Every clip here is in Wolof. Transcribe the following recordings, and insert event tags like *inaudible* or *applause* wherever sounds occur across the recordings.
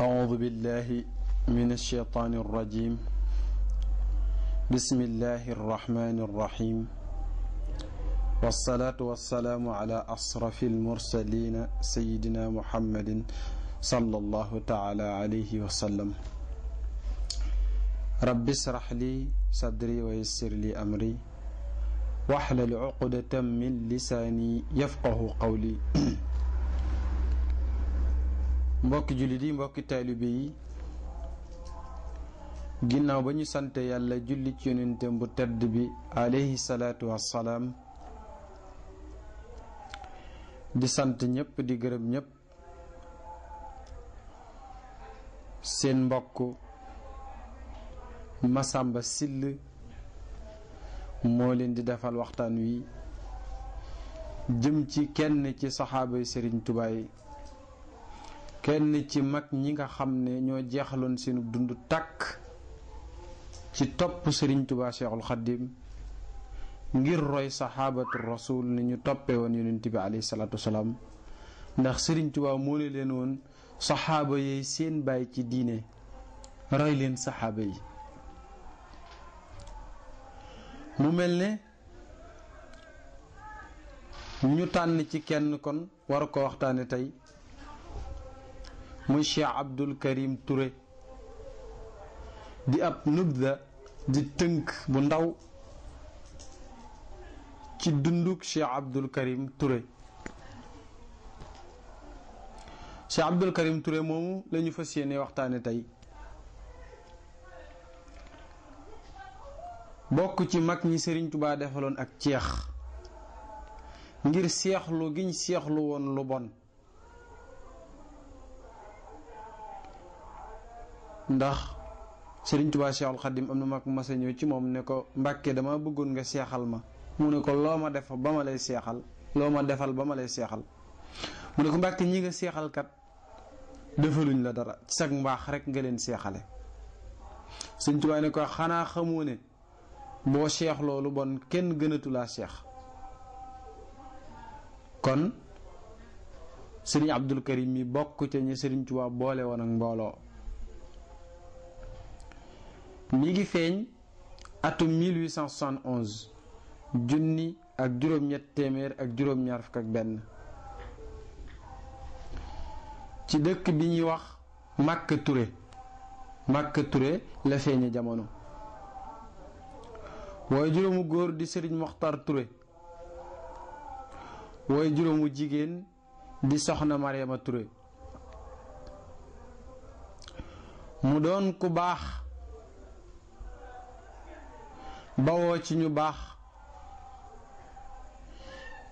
أعوذ بالله من الشيطان الرجيم بسم الله الرحمن الرحيم والصلاة والسلام على أصرف المرسلين سيدنا محمد صلى الله تعالى عليه وسلم رب اشرح لي صدري ويسر لي أمري واحلل عقدة من لساني يفقه قولي *clears throat* mbokki jullit yi mbokki taalibe yi ginnaaw ba ñu sante yàlla julli ci yonenteem bu tedd bi aleyhi salaatu wassalaam di sant ñépp di gërëm ñépp seen mbokk Masamba Sill moo leen di defal waxtaan wi jëm ci kenn ci saxaabay Sëriñ Tuubaa kenn ci mag ñi nga xam ne ñoo jeexaloon seenu dund tàkk ci topp sëriñ tubaa cheikhul xaddim ngir roy saxaabatu rasul ni ñu toppee woon yonent bi salaatu wasalaam ndax sëriñ tubaa moo ne leen woon saxaaba yooyu seen bay ci diine roy leen saxaaba yi mu mel ne ñu tànn ci kenn kon war ko waxtaane tey muy Cheikh Abdul Karim Touré di ab nubda di tënk bu ndaw ci dunduk Cheikh Abdul Karim Touré Cheikh Abdul Karim Touré moomu lañu ñu fas yéene waxtaane tey bokk ci mag ñi Serigne Touba defaloon ak ceex ngir seexlu giñ seexlu woon lu bon ndax serigne touba cheikhul al khadim na mag mas a ci mom ne ko mbacke dama bëggoon nga seexal ma mu ne ko loma def ba ma lay seexal loma defal ba ma lay mu ne ko mbacke ñi nga seexal kat defaluñ la dara ci sax mbax rek nga leen seexale serigne touba ne ko xana xamone bo boo lolu bon kenn la kon serigne abdul karim mi bokku ci ñi serigne touba boole won ak mbolo mi ngi feeñ atum 1871 junni ak juróom-ñett benn ci dëkk bi ñuy wax Màkka la feeñe jamono waaye juróomu góor di Sëriñ Moxtar Touré waaye juróomu jigéen di Soxna Mariama Touré mu doon ku baax bawoo ci ñu baax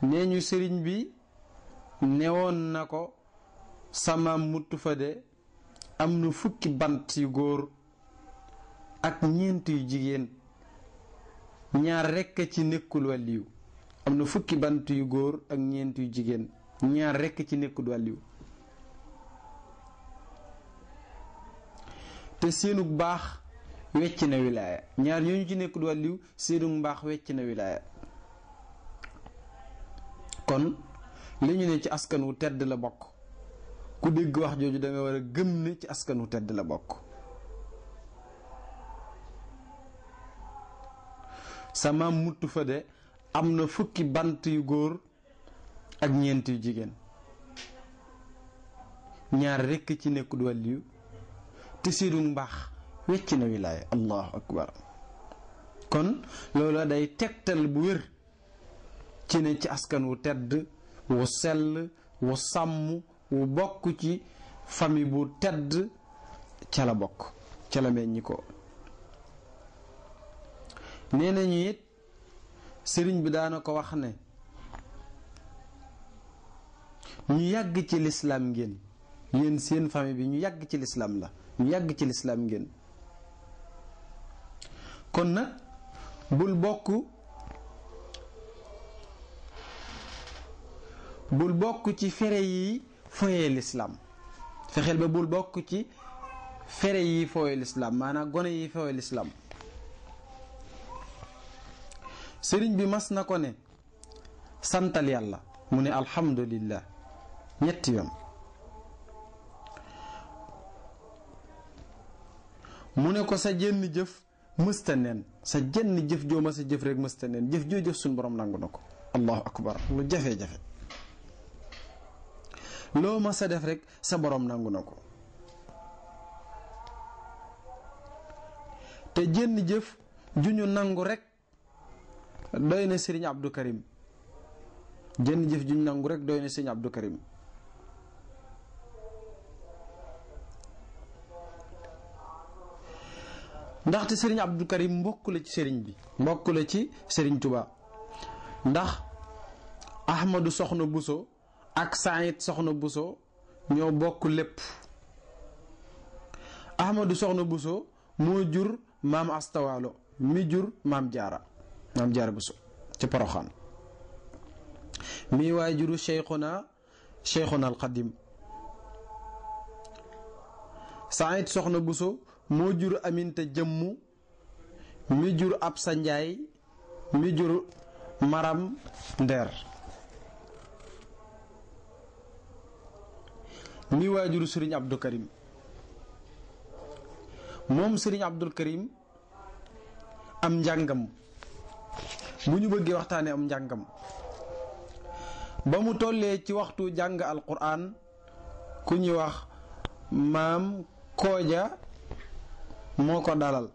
nee ñu sëriñ bi newoon na ko sama mutt fa de am na fukki bant yu góor ak ñeent yu jigéen ñaar rekk ci nekkul wàlliyu am na fukki bant yu góor ak ñeent yu jigéen ñaar rekk ci nekkul wàlliyu te seenug baax wecc na wilaaya ñaar ñooñu ci nekkul wàlliw seenu mbaax wecc na wilaaya kon li ne ci askan wu tedd la bokk ku dégg wax jooju danga war a gëm ne ci askan wu tedd la bokk sama mutt fa de am na fukki bant yu góor ak ñeent yu jigéen ñaar rekk ci nekkul wàlliw te seenu mbaax wecc na wilaaya allahu akbar kon loola day tegtal bu wér ci ne ci askan wu tedd wu sell wu sàmm wu bokk ci famille bu tedd ca la bokk ca la meññi nee nañu it sëriñ bi daana ko wax ne ñu yàgg ci lislaam ngeen yéen seen famille bi ñu yàgg ci lislaam la ñu yàgg ci lislaam ngeen kon nag bul bokk bul bokk ci fere yi foyee lislaam fexeel ba bul bokk ci fere yi foyee lislaam maanaam gone yi foyee lislaam sëriñ bi mas na ko ne santal yàlla mu ne alhamdulillah ñetti yoon mu ne ko sa jënn jëf mustanen sa jenn jëf joo ma sa jëf rek mustanen jëf joo jëf borom nangu na ko akbar lu jafe-jafe loo ma sa def rek sa borom nangu na ko te jenn jëf ju ñu nangu rek doy na abdou karim jenn jëf ju nangu rek doy na abdou karim ndaxte sëriñ Abdou Karim mbokk la ci sëriñ bi mbokk la ci sëriñ Touba ndax Ahmadou Soxna Bousso ak Saïd Soxna Bousso ñoo bokk lépp Ahmadou Soxna Bousso moo jur maam Astawaalo mi jur maam Jaara maam Jaara Bousso ci Poroxaan mi waay juru Cheikhuna Cheikhuna al Qadim Saïd Soxna buso Mujur jur aminta jëmmu mi jur ab sa njaay mi jur maram der. mi wajur serigne abdou karim mom serigne abdul karim am njàngam bagi ñu bëggee waxtaane am njàngam ba mu tollee ci waxtu jàng alquran ku ñuy wax maam kooja moo ko dalal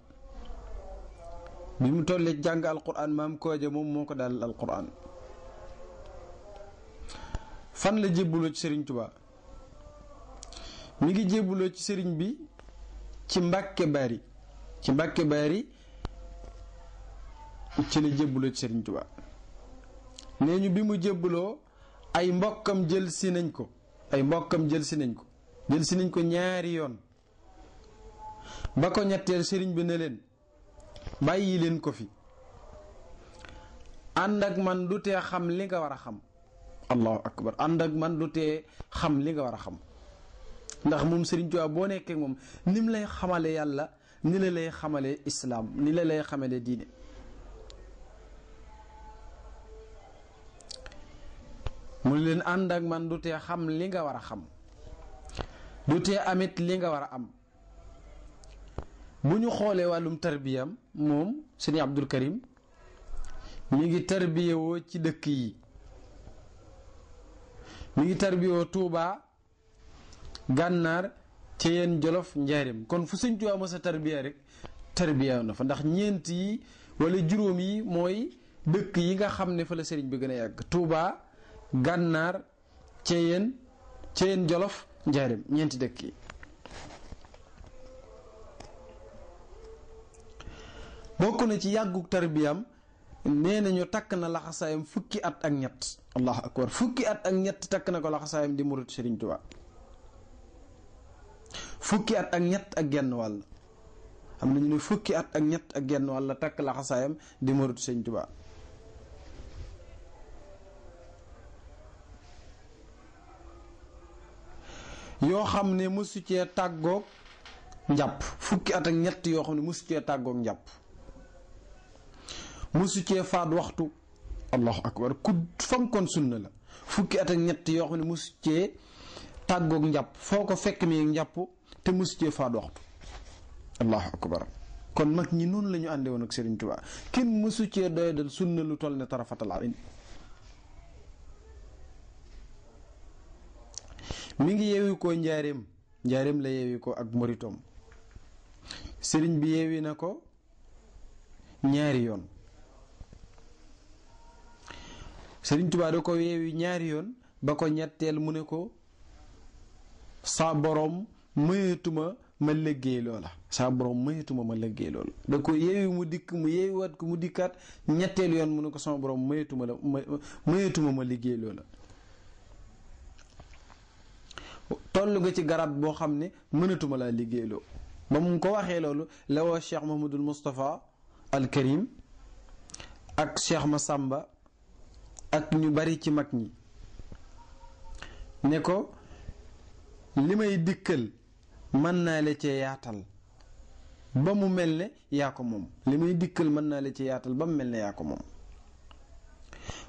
bi mu tollee jàng alquran maam kooje moom moo ko dalal alquran fan la jébbaloo ci sëriñ Tuubaa mi ngi jébbaloo ci sëriñ bi ci Mbàkke Bari ci Mbàkke Bari ci la jébbaloo ci sëriñ Tuubaa nee ñu bi mu jébbaloo ay mbokkam jël si nañ ko ay mbokkam jël si nañ ko jël si nañ ko ñaari yoon ba ko ñetteel sëriñ bi ne leen bàyyi leen ko fi ànd ak man du tee xam li nga war a xam allahu man du tee xam li nga war a xam ndax moom sëriñ Tuubaa boo nekkee moom ni mu lay xamale yàlla ni la lay xamale islaam ni la lay xamale diine mu leen ànd ak man du tee xam li nga war a xam du tee amit li nga war a am bu ñu xoolee wàllum tarbiyam moom sëñ Abdul Karim mi ngi tarbiyewoo ci dëkk yi mu ngi tarbiyewoo Tuubaa gànnaar ci yenn jolof njaarim kon fu sëñ Tuubaa mos a tarbiya rek tarbiya na fa ndax ñeent yi walla juróom yi mooy dëkk yi nga xam ne fa la sëriñ bi gën a yàgg Tuubaa gànnaar ci yeen ci yeen jolof njaarim ñeenti dëkk yi bokk na ci yàggug tarbiyam nee nañu takk na laxasaayam fukki at ak ñett allahu akbar fukki at ak ñett takk na ko laxasaayam di murit seen Tuubaa fukki at ak ñett ak genn wàll am nañu ne at ak ñett ak genn wàll takk di murit Sëriñ Tuubaa yoo xam ne mësu cee tàggoog njàpp fukki at ak ñett yoo xam ne mësu cee tàggook njàpp musu cee faat waxtu allahu akbar ku fonkoon sunna la fukki at ak ñett yoo xam ne musu cee tàggoog njàpp foo ko fekk mi njàpp te musu cee faat waxtu allahu akbar kon mak ñi noonu la ñu àndee woon ak Serigne Touba kenn musu cee doyadal sunna lu tol ne tarafatal ayn mi ngi yewi ko njaareem njaareem la yewi ko ak moritom sëriñ bi yewi na ñaari yoon Sëriñ Tuubaa da ko yeewi ñaari yoon ba ko ñetteel mu ne ko sa boroom mayetuma ma liggéey loola saa boroom mayetuma ma liggéey loola da ko yeewi mu dikk mu yeewiwaat ko mu dikkaat ñetteel yoon mu ne ko sama boroom mayetuma la mayetuma ma liggéey loola toll nga ci garab boo xam ne mënatuma laa liggéeyloo ba mu ko waxee loolu la woo Cheikh Mahmadul Moustapha al Karim ak Cheikh Massamba ak ñu bari ci mag ñi ne ko li may dikkal mën naa le cee yaatal ba mu mel ne yaa ko moom may dikkal mën naa la ci ba mu mel ne yaa moom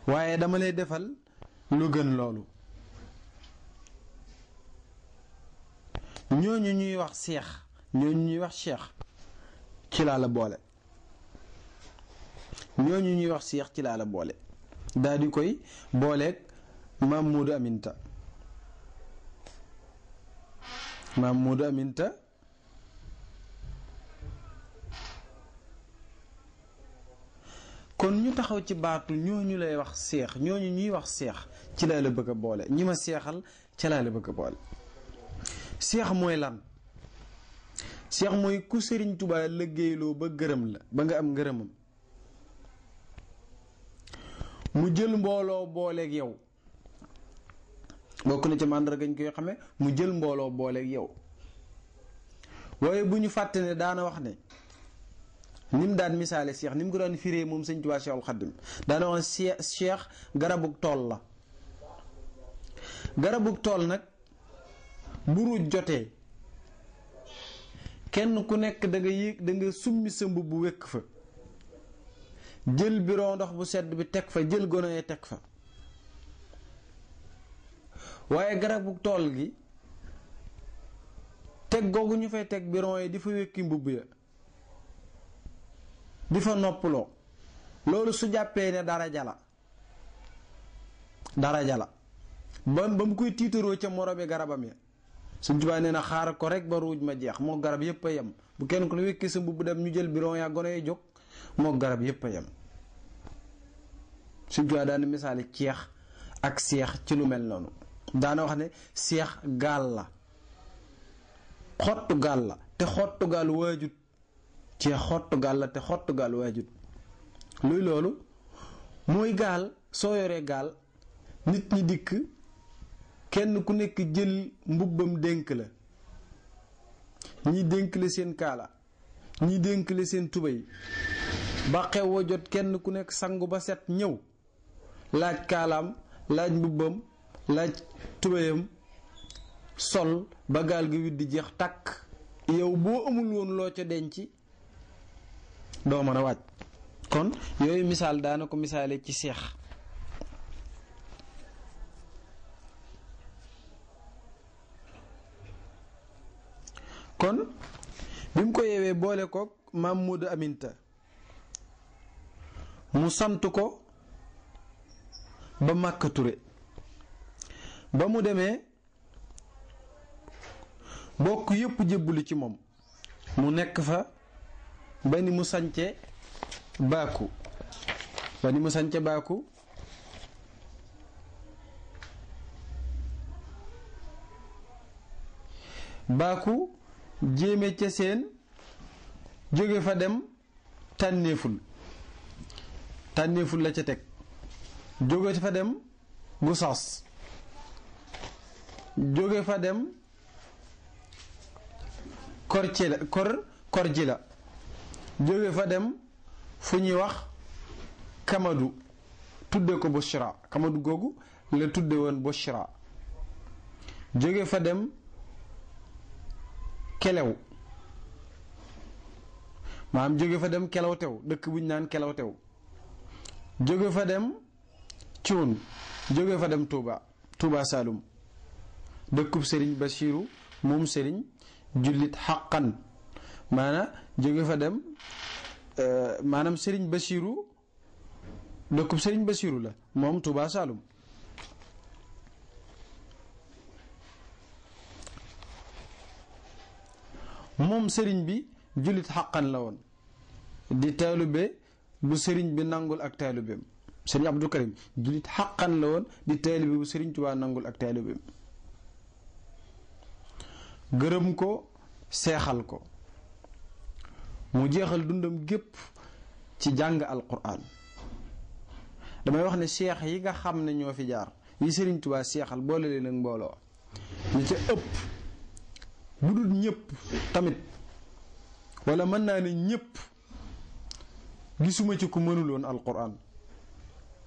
waaye dama lay defal lu gën loolu ñooñu ñuy wax seex ñooñu wax seex ci laa la boole ñooñu ñuy wax seex ci laa la boole daal koy booleek maam Moodu Aminta maam Moodu Aminta kon ñu taxaw ci baatu ñooñu lay wax seex ñooñu ñuy wax seex ci laa la bëgg a boole ñi ma seexal ci laa la seex mooy lan seex mooy ku sëriñ Tuubaa liggéeyloo ba gërëm la ba nga am ngërëmam mu jël mbooloo booleek yow bokk na ci màndarga ñu koy xamee mu jël mbooloo booleeg yow waaye bu ñu fàtte ne daana wax ne ni mu daan misaale Cheikh ni mu ko daan fiire moom sëñ Tuubaa Cheikhul Xadim daana wax ne Cheikh garabug tool la garabug tool nag bu ruuj jotee kenn ku nekk da nga yéeg summi sa mbubb bu wékk fa. jël biro ndox bu sedd bi teg fa jël gono ye ya teg fa waaye bu toll gi teg googu ñu fay teg biro yi di fa wékki mbubb ya di fa noppaloo loolu su jàppee ne dara jala dara jala ba ba mu koy tiitaroo ca moromi garabam ya suñ tubaa nee na xaar ko rek ba ruuj ma jeex moo garab yépp a yem bu kenn ko ne wekki sa mbubb dem ñu jël biro yaa gono yi ya jóg moo garab yépp a yam suñ ko daana misaali ceex ak seex ci lu mel noonu daana wax ne seex gaal la xottu gaal la te xottu gaal waajut xottu gaal la te xottu gaal waajut luy loolu mooy gaal soo yoree gaal nit ñi dikk kenn ku nekk jël mbubbam dénk la ñi dénk la seen kaala ñi dénk la seen tubéy ba jot kenn ku nekk sangu ba set ñëw laaj kaalaam laaj mbubbam laaj tubéyam sol ba gaal gi widdi jeex tàkk yow boo amul woon loo ca denc doo mën a waaj kon yooyu misaal daana ko misaale ci seex kon bi mu ko yeewee boole kook maam Moodu Aminta mu sant ko ba Màkka Touré ba mu demee bokk yépp jébbali ci moom mu nekk fa ba ni mu sance baaku ba ni mu sance baaku baaku jéeme ca seen jóge fa dem tànneeful tànneeful la ca teg jóge fa dem Gossas jóge fa dem Korcila Kor Korjila jóge fa dem fu ñuy wax Kamadu tudde ko Bushra Kamadu googu la tudde woon Bushra jóge fa dem Kelew maanaam jóge fa dem Kelew tew dëkk bu ñu naan Kelew tew jóge fa dem tion jóge fa dem touba touba salum dëkkub sering basiru mom serigne julit haqqan Mana jóge fa dem euh, maanaam sering basiru dëkkub sering basiru la mom touba salum Mom sering bi julit haqqan la di bu sëriñ bi nangul ak taalibeem sëriñ abdou karim julit haqqan la won di taalibe bu sëriñ tuba nangul ak taalibeem gërëm ko séxal ko mu jéxal dundam gépp ci jàng alquran damay wax ne cheikh yi nga xam ne ñoo fi jaar yi sëriñ tubaa seexal boole leen ak mbooloo ca ëpp ñëpp tamit wala mën naa ne ñëpp gisuma ci ku won alquran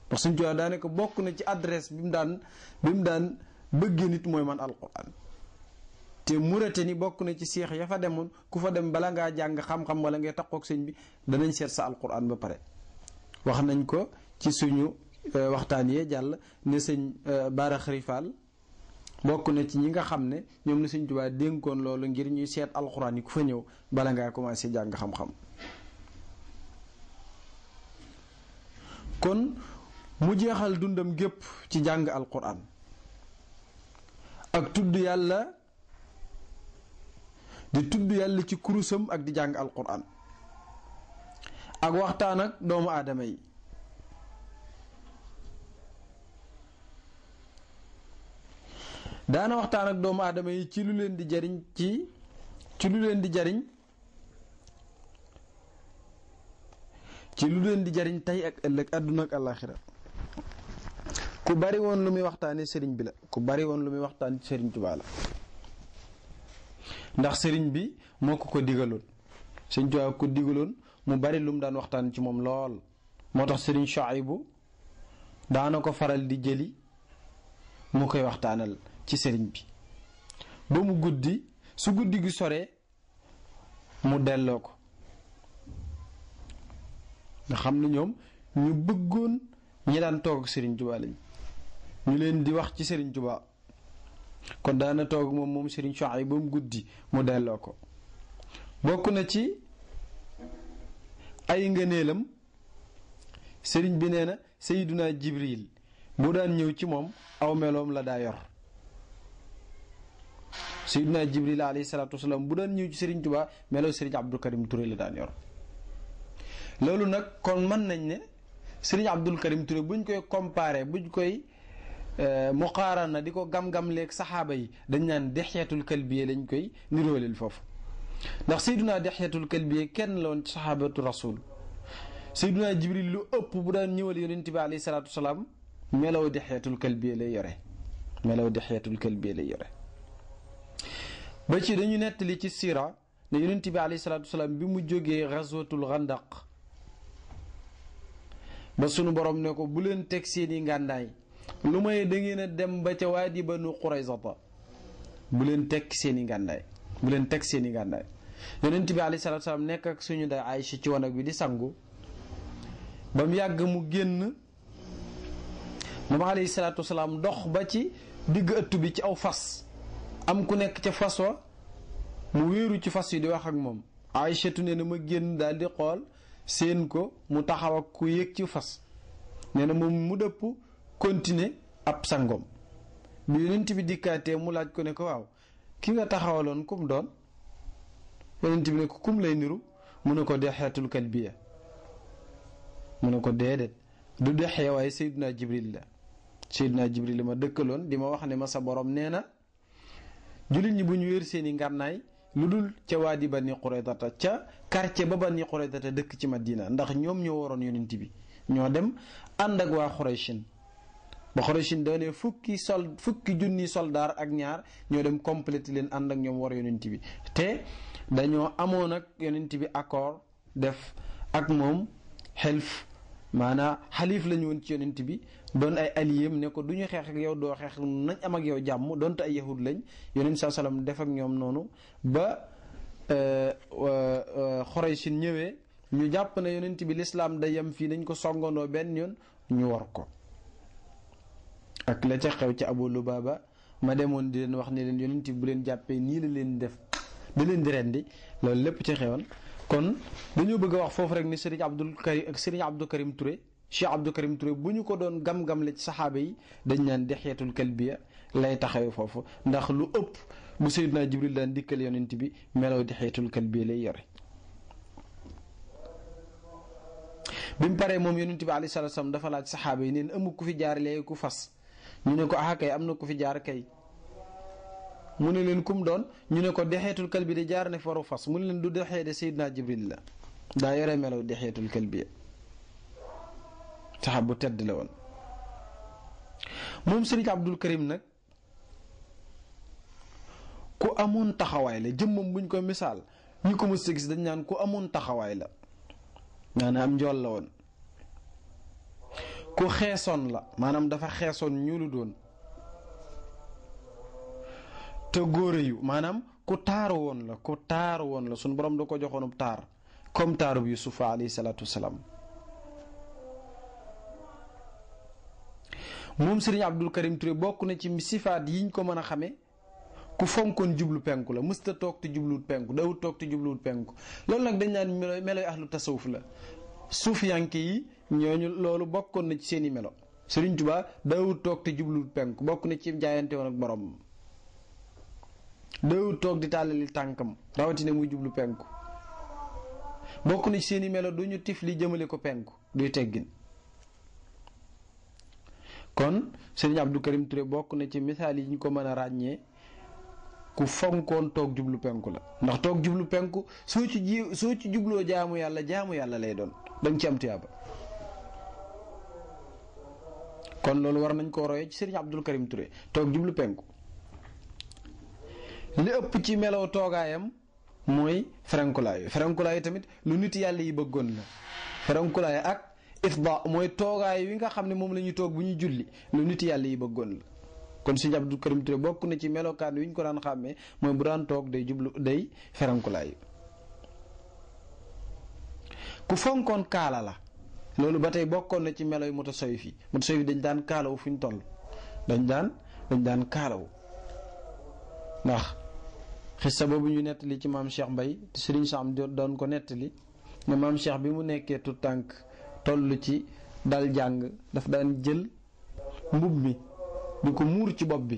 ndax suñ jox daane ko bokku na ci adresse bi daan bi daan bëgge nit mooy man alquran te murate ni na ci seex ya fa demoon ku fa dem bala ngaa jàng xam-xam wala ngay taqoog sëñ bi danañ seet sa alquran ba pare wax nañ ko ci suñu euh, waxtaan yee jàll ne sëñ euh, baara xarifaal bokk na ci ñi nga xam ne ñoom la sëñ tubaa dénkoon loolu ngir ñuy seet alquran yi ku fa ñëw bala ngaa commencé jàng xam-xam kon mu jeexal dundam gépp ci jàng alxuraan ak tudd yàlla di tudd yàlla ci kurusam ak di jàng alxuraan ak waxtaan ak doomu aadama yi daana waxtaan ak doomu aadama yi ci lu leen di jariñ ci ci lu leen di jariñ ci lu leen di jariñ tey ak ëllëg àdduna ak àllaaxira ku bari woon lu muy waxtaane sëriñ bi la ku bari woon lu muy waxtaan ci sëriñ Tuubaa la ndax sëriñ bi moo ko ko digaloon sëriñ digaloon mu bari lu mu daan waxtaan ci moom lool moo tax sëriñ bu daana ko faral di jëli mu koy waxtaanal ci sëriñ bi ba mu guddi su guddi gi soree mu delloo ko nga xam ne ñoom ñu bëggoon ñi daan toog sëriñ Serigne Touba lañ ñu leen di wax ci Serigne Touba kon daana toog moom moom Serigne Souhaïbou ba mu guddi mu delloo ko bokk na ci ay ngëneelam sëriñ bi nee na Seydunaa Jibril bu daan ñëw ci moom aw meloom la daa yor Seydunaa Jibril alayhi salaatu wasalaam bu daan ñëw ci Serigne Touba meloo Serigne Abdou Karim Touré la daan yor. loolu nag kon mën nañ ne sëriñ Abdul Karim Touré buñ koy comparé buñ koy muqaarana di ko gam-gam leeg saxaaba yi dañ naan dexyatul kalbiye lañ koy nirooleel foofu ndax sayduna dexyatul kalbiye kenn la woon saxaabatu rasul sayduna jibril lu ëpp bu daan ñëwal yonente bi alayhi salaatu wasalaam melaw dexyatul kalbiye lay yore melaw dexyatul kalbiye lay yore ba ci dañu nettali ci siira ne yonente bi alayhi salaatu wasalaam bi mu jógee ghazwatul xandaq ba sunu borom ne ko bu leen teg seeni ngàndaay lu may da ngeen a dem ba ca waadi banu quraysata bu leen teg seeni ngàndaay bu leen teg seeni ngàndaay yonent bi alayhi salaatu salaam nekk ak suñu da Aïcha ci wanag bi di sangu ba mu yàgg mu génn moom alayhi salaatu salaam dox ba ci digg ëtt bi ci aw fas am ku nekk ca fas wa mu wéeru ci fas yi di wax ak moom Aïchatu nee na ma génn daal di xool seen ko mu taxaw ak ku yéeg ci fas nee na moom mu dëpp continuer ab sangoom bi yonent bi dikkaatee mu laaj ko ne ko waaw ki nga taxawaloon kum doon yonent bi ne ko kum lay niru mu ne ko dee xeetul kalbiya mu ne ko déedéet du dexee waaye naa Jibril la sedd naa Jibril la ma dëkkaloon di ma wax ne ma sa boroom nee na jullit ñi bu ñu wér seeni ngànnaay lu dul ca waa di bani Quraydata ca quartier ba bani Quraydata dëkk ci diina ndax ñoom ñoo waroon yonent bi ñoo dem ànd ak waa Xurayshin ba Xurayshin doonee fukki sol fukki junni soldaar ak ñaar ñoo dem complété leen ànd ak ñoom war yonent bi te dañoo amoon ak yonent bi accord def ak moom xelf maanaam xalif la ñu woon ci yonent bi doon ay aliyem ne ko du ñu xeex ak yow doo xeex nañ am ak yow jàmm doonte ay yahud lañ yonent saa salaam def ak ñoom noonu ba xoraysin euh, euh, ñëwee ñu jàpp ne yonent bi lislaam da yem fii dañ ko songandoo benn yoon ñu war ko ak la ca xew ci Abu Lubaaba ma demoon di leen wax ne leen yonent bi bu leen jàppee nii la leen def da leen di rendi loolu lépp ci xewoon kon dañoo bëgg a wax foofu rek ni Serigne Abdul Karim ak Serigne Abdou Karim Touré Cheikh Abdou Karim Touré bu ñu ko doon gam-gam la ci saxaaba yi dañ naan dexeetul kalbiya lay taxawee foofu ndax lu ëpp bu Seydina Jibril daan dikkal yonent bi meloo dexeetul kalbiya lay yore. bi mu paree moom yonent bi alayhi salaatu salaam dafa laaj saxaaba yi neen ëmb ku fi jaar léegi ku fas ñu ne ko ah kay am na ku fi jaar kay. mu ne leen kum doon ñu ne ko dexeetul kalbi di jaar ne faru fas mu ne leen du dexee de Seydina Jibril la daa yore melaw dexeetul kalbi saxaab bu tedd la woon moom Sëriñ Abdul Karim nag ku amoon taxawaay la jëmmam buñ ko misaal ñu ko mës a gis dañ naan ku amoon taxawaay la maanaam njool la woon ku xeesoon la maanaam dafa xeesoon ñuulu doon te góore yu maanaam ku taaru woon la ku taaru woon la suñu borom da ko joxoonub taar comme taarub yusufa alayhi salaatu wasalaam moom sëriñ Abdul Karim Touré bokk na ci sifaat yiñ ko mën a xame ku fonkoon jublu penku la mësta toog te jubluwut penku dawut toog te jubluwut penku loolu nag dañ naan melo meloy ahlu tasawuf la suuf suufiyanke yi ñooñu loolu bokkoon na ci seeni melo Sëriñ Tuubaa dawut toog te jubluwut penku bokk na ci jaayante woon ak borom doyul toog di tàllali tànkam rawatina muy jublu penku bokk na ci seeni melo du ñu tif li jëmale ko penku duy teggin kon sëriñ Abdou Karim Touré bokk na ci misaal yi ñu ko mën a ràññee ku fonkoon toog jublu penku la ndax toog jublu penku soo ci ji ci jubloo jaamu yàlla jaamu yàlla lay doon danga ci am tuyaaba kon loolu war nañ koo royee ci sëriñ Abdou Karim Touré toog jublu penku li ëpp ci melow toogaayam mooy ferenkulaayu ferenkulaayu tamit lu nit yàlla yi bëggoon la ferenkulaayu ak ifda mooy toogaay wi nga xam ne moom lañuy toog bu ñu julli lu nit yàlla yi bëggoon la kon sëñ Abdou Karim Touré bokk na ci melokaan wi ñu ko daan xàmmee mooy bu daan toog day jublu day ferenkulaayu ku fonkoon kaala la loolu ba tey bokkoon na ci melo yi fii yi motasawif yi dañ daan kaalawu fu ñu toll dañ daan dañ daan kaalawu ndax xista boobu ñu nettali ci maam Cheikh Mbay Sëriñ Sam doon ko nettali ne maam bi mu nekkee tu tànk toll ci dal jàng daf daan jël mbub mi di ko muur ci bopp bi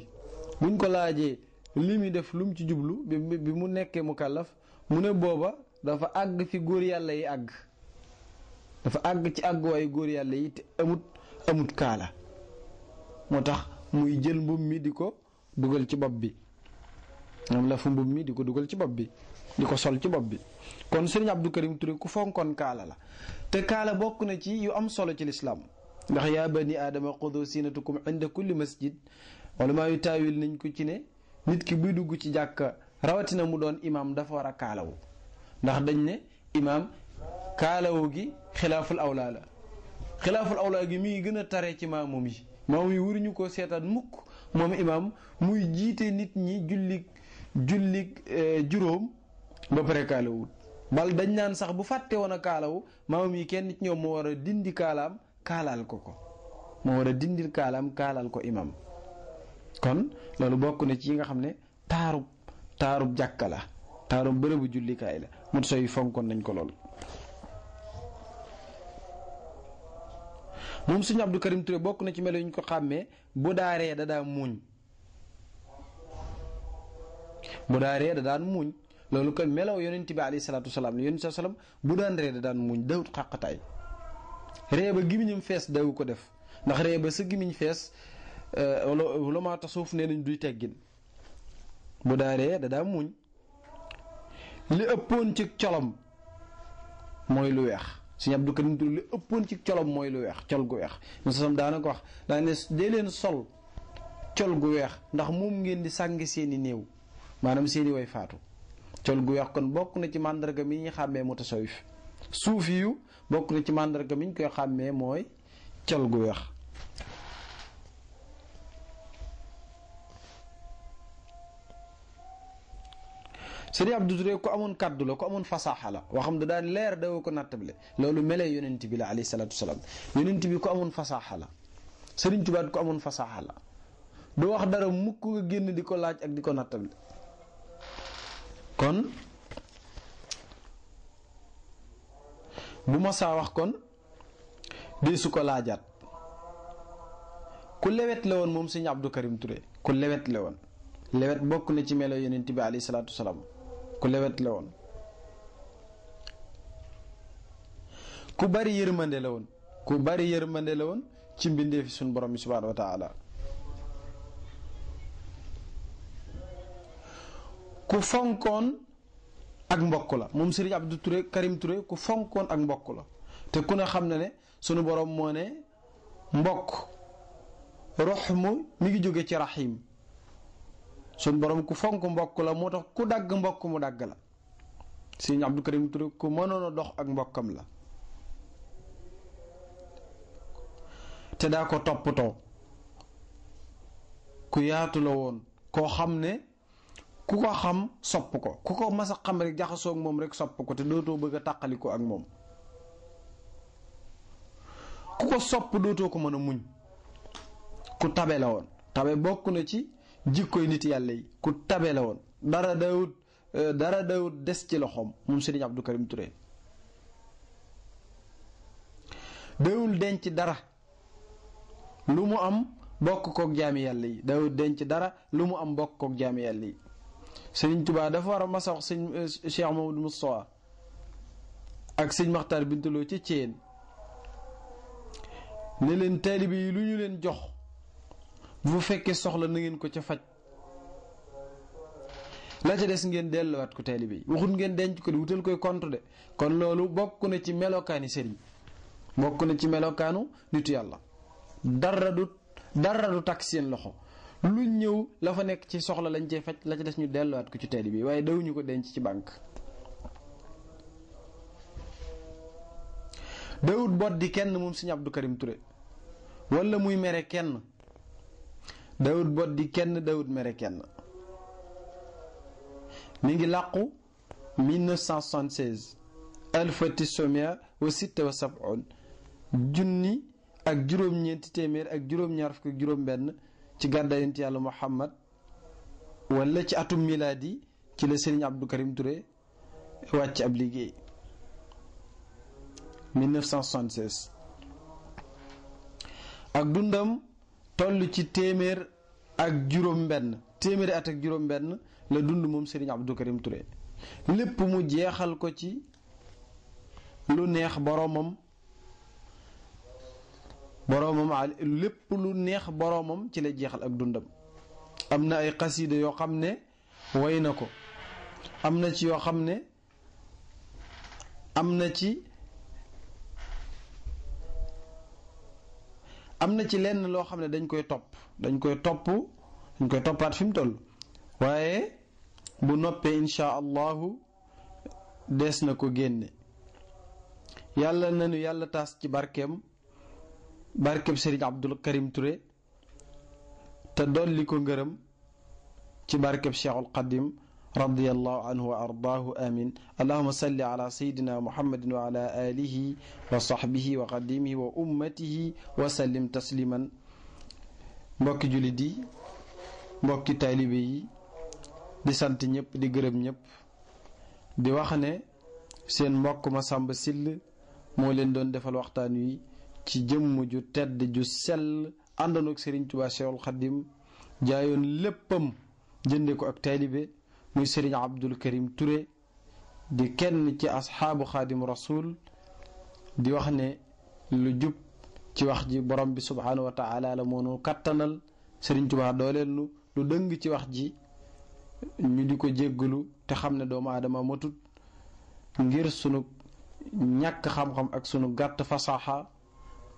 buñ ko laajee li muy def lu ci jublu bi mu nekkee mu kàllaf mu ne booba dafa àgg fi góor yàlla àgg dafa àgg ci àgg waaye góor yàlla yi te amut amut kaala moo tax muy jël mbub mi di ko dugal ci bopp bi moom la fu mbub mi di ko dugal ci bopp bi di ko sol ci bopp bi kon sëriñ Abdou Karim Touré ku fonkoon kaala la te kaala bokk na ci yu am solo ci lislaam ndax yaa bani aadama xudu sinatukum inda kulli masjid wala maa yu taawil nañ ko ci ne nit ki buy dugg ci jàkka rawatina mu doon imaam dafa war a kaalawu ndax dañ ne imaam kaalawu gi xilaaful awlaa la xilaaful awlaa gi mi ngi gën a tare ci maamum yi maamum yi waruñu ko seetaan mukk moom imaam muy jiite nit ñi julli julli eh, juróom ba pare kaalawut bal dañ naan sax bu fàtte woon a kaalawu maam yi kenn ci ñoom moo war a dindi kaalaam kaalaal ko ko moo war a dindil kaalaam kaalaal ko imam kon loolu bokk na ci yi nga xam ne taarub taarub jàkka la taarub bërëbu jullikaay la mot sooy fonkoon nañ ko lool moom suñu Abdou Karim Touré bokk na ci melo yu ñu ko xàmmee bu daaree da daa muuñ bu daa ree da daan muuñ loolu kon melaw yonent bi alayhi salaatu wasalaam la yonent salaam bu daan ree da daan muuñ dawut xàqataay ree ba gimiñam fees dawu ko def ndax ree ba sa gimiñ fees euh, lu ma tasuuf nañ duy teggin bu daa ree da daa muuñ li ëppoon ci colom mooy lu weex Sëñ Abdou Karim ëppoon ci colom mooy lu weex col gu weex ñun sasam daana ko wax daa ne dee leen sol col gu weex ndax moom ngeen di sàng seeni néew maanaam seeni way faatu col gu weex kon bokk na ci màndarga mi ñuy xàmmee mutasawif suufi yu bokk na ci màndarga mi ñu koy xàmmee mooy col gu weex sëriñ Abdou Touré ku amoon kàddu la ku amoon fasaaxa la waxam da daan leer dawoo ko nattable loolu melee yonent bi la alayhi salaatu wasalaam yonent bi ku amoon fasaaxa la sëriñ tubaat ku amoon fasaaxa la du wax dara mukk nga génn di ko laaj ak di ko nattable kon bu mosaa wax kon dee su ko laajaat ku lewet la woon moom sëñ Abdou Karim ture ku lewet la woon lewet bokk na ci melo yonent bi alayhi salaatu salaam ku lewet la ku bari yërmande la woon ku bari yërmande la woon ci mbindeefi suñu borom bi subhaanahu ku fonkoon ak mbokk la moom Serigne Abdou Touré Karim Touré ku fonkoon ak mbokk la te ku ne xam na ne sunu boroom moo ne mbokk rox mu mi ngi jóge ci rahim sunu boroom ku fonk mbokk la moo tax ku dagg mbokk mu dagg la Serigne Abdou Karim Touré ku mënoon dox ak mbokkam la te daa ko toppatoo ku yaatu la woon koo xam ne ku ko xam sopp ko ku ko mas a xam rek jaxasoo ak moom rek sopp ko te dootoo bëgg a tàqaliko ak moom ku ko sopp dootoo ko mën a muñ ku tabe la woon tabe bokk na ci jikkoy nit yàlla yi ku tabe la woon dara dawut euh, dara dawut des ci loxoom moom Serigne Abdou Karim Touré dawul denc dara lu mu am bokk kook jaami yàlla yi dawut denc dara lu mu am bokk kook jaami yàlla yi sëriñ tubaa dafa war a masoo wax sëñ euh, Cheikh Mamadou Moustapha ak sëñ Maxtaar Bintaloo ci Ceen ne leen taalibe yi lu ñu leen jox bu fekkee soxla na ngeen ko ca faj la ca des ngeen delluwaat ko taalibe yi waxut ngeen denc ko di wutal koy compte de kon loolu bokk na ci melokaani sëriñ bokk na ci melokaanu nitu yàlla dara du dara du takk seen loxo lu ñëw la fa nekk ci soxla lañ cee faj la ca des ñu delluwaat ko ci teel bi waaye dawuñu ko denc ci banque dawut bot di kenn moom sëñ Abdou Karim Touré wala muy mere kenn dawut bot di kenn dawut mere kenn mi ngi làqu 1976 alfati somia wa sitta wa sab'un junni ak juróom-ñeenti téeméer ak juróom-ñaar fukk ak juróom-benn ci gàddaay yonent yàlla Muhammad wala ci atum milaadi ci la Serigne Abdou Karim Touré wàcc ab liggéey 1976 ak dundam toll ci téeméer ak juróom-benn téeméeri at ak juróom-benn la dund moom Serigne Abdou Karim Touré lépp mu jeexal ko ci lu neex boromam. boroomam lépp lu neex boroomam ci la jeexal ak dundam am na ay xasiida yoo xam ne woy na ko am na ci yoo xam ne am na ci am na ci lenn loo xam ne dañ koy topp dañ koy topp dañ koy toppaat fi mu toll waaye bu noppee insha allahu des na ko génne yàlla nañu yàlla taas ci barkeem barkeb sëriñ abdul karim Touré te dolli ko ngërëm ci barkeb cheikhul qadim radiyallahu anhu wa ardaahu amin allahuma salli ala sayidina muhammadin wa ala alihi wa sahbihi wa qadimihi wa ummatihi wa sallim tasliman mbokki jullit yi mbokki taalibe yi di sant ñëpp di gërëm ñëpp di wax ne seen mbokk ma sàmb sill moo leen doon defal waxtaan wi ci jëmm ju tedd ju sell àndoon ak Serigne Touba Cheikhul Khadim jaayoon léppam jënde ko ak taalibe muy Serigne Abdul Karim Touré di kenn ci asxaabu xaadim rasul di wax ne lu jub ci wax ji borom bi subhaanahu wa taala moo nu kattanal Serigne Touba dooleel nu lu dëng ci wax ji ñu di ko jéggalu te xam ne doomu aadama matut ngir sunu ñàkk xam-xam ak sunu gàtt fasaxa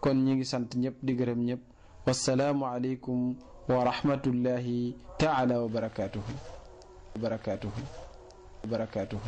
kon ñi ngi sant ñëpp di gërëm ñëpp wassalaamu alaykum wa rahmatullahi taala wa barakatuhu barakatuhu barakatuhu